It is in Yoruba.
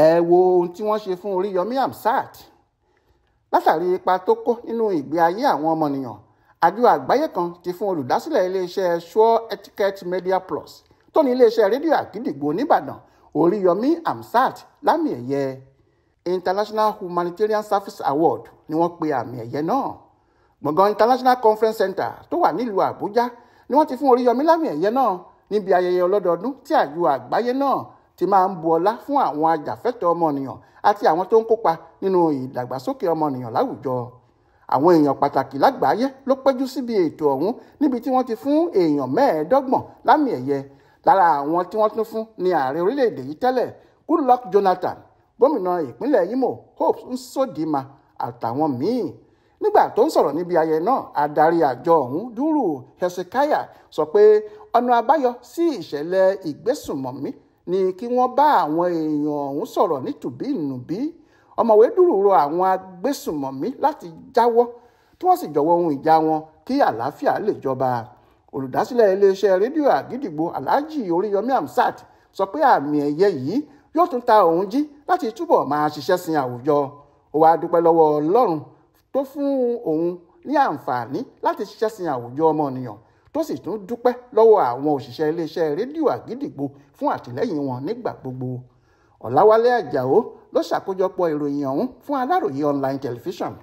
ẹ wo ohun tí wọ́n ṣe fún Oríyọmí Hamzat látàrí ipa tó kó nínú ìgbé ayé àwọn ọmọnìyàn àjọ àgbáyé kan ti fún olùdásílẹ̀ iléeṣẹ́ sure etiquette media plus tó ní iléeṣẹ́ rédíò àgídìgbò nìbàdàn Oríyọmí Hamzat lámì ẹ̀yẹ international humanitarian service award ni wọ́n pe àmì ẹ̀yẹ náà gbọ̀ngàn international conference center tó wà nílùú àbújá ni wọ́n ti fún Oríyọmí lámì ẹ̀yẹ náà níbi ayẹyẹ ọlọ́dọọdún tí àjọ àgbáyé náà ti máa ń bu ọlá fún àwọn ajàfẹ́tọ̀ọ́ ọmọnìyàn àti àwọn tó ń kópa nínú ìdàgbàsókè ọmọnìyàn láwùjọ àwọn èèyàn pàtàkì lágbàáyé ló péjú síbi ètò ọ̀hún níbi tí wọ́n ti fún èèyàn mẹ́ẹ̀ẹ́dọ́gbọ̀n lámì ẹ̀yẹ lára àwọn tí wọ́n tún fún ni ààrẹ orílẹ̀-èdè yìí tẹ́lẹ̀ Goodluck Jonathan gómìnà ìpínlẹ̀ Imo Hope Nsodima àtàwọn míì nígbà tó ń sọ̀rọ̀ níbi ayẹyẹ náà adarí àjọ ọ̀hún Dúró hezekiah sọ pé ọ̀nà àbáyọ sí ìṣẹ̀lẹ̀ ìgbésùnmọ̀mí ni kí wọ́n bá àwọn èèyàn ọ̀hún sọ̀rọ̀ nítùbínùbí ọ̀mọ̀wé dúró rọ àwọn agbésùmọ̀mí láti jáwọ́ tí wọ́n sì jọ̀wọ́ ohun ìjà wọn kí àlàáfíà lè jọba olùdásílẹ̀ iléeṣẹ́ rédíò àgídìgbò alhaji oríyọmí hamsat sọ pé àmì ẹ̀yẹ yìí yóò tún ta òun jí láti túbọ̀ máa ṣiṣẹ́ sin àwùjọ ó wàá dúpẹ́ lọ́wọ́ ọlọ́run tó fún òun ní àǹfààní láti ṣiṣẹ́ sin àwùjọ ọmọnìyàn tó sì tún dúpẹ́ lọ́wọ́ àwọn òṣìṣẹ́ iléeṣẹ́ rédíò àgídìgbò fún àtìlẹ́yìn wọn nígbà gbogbo ọ̀làwálé àjàó ló ṣàkójọpọ̀ ìròyìn ọ̀hún fún aláròye online television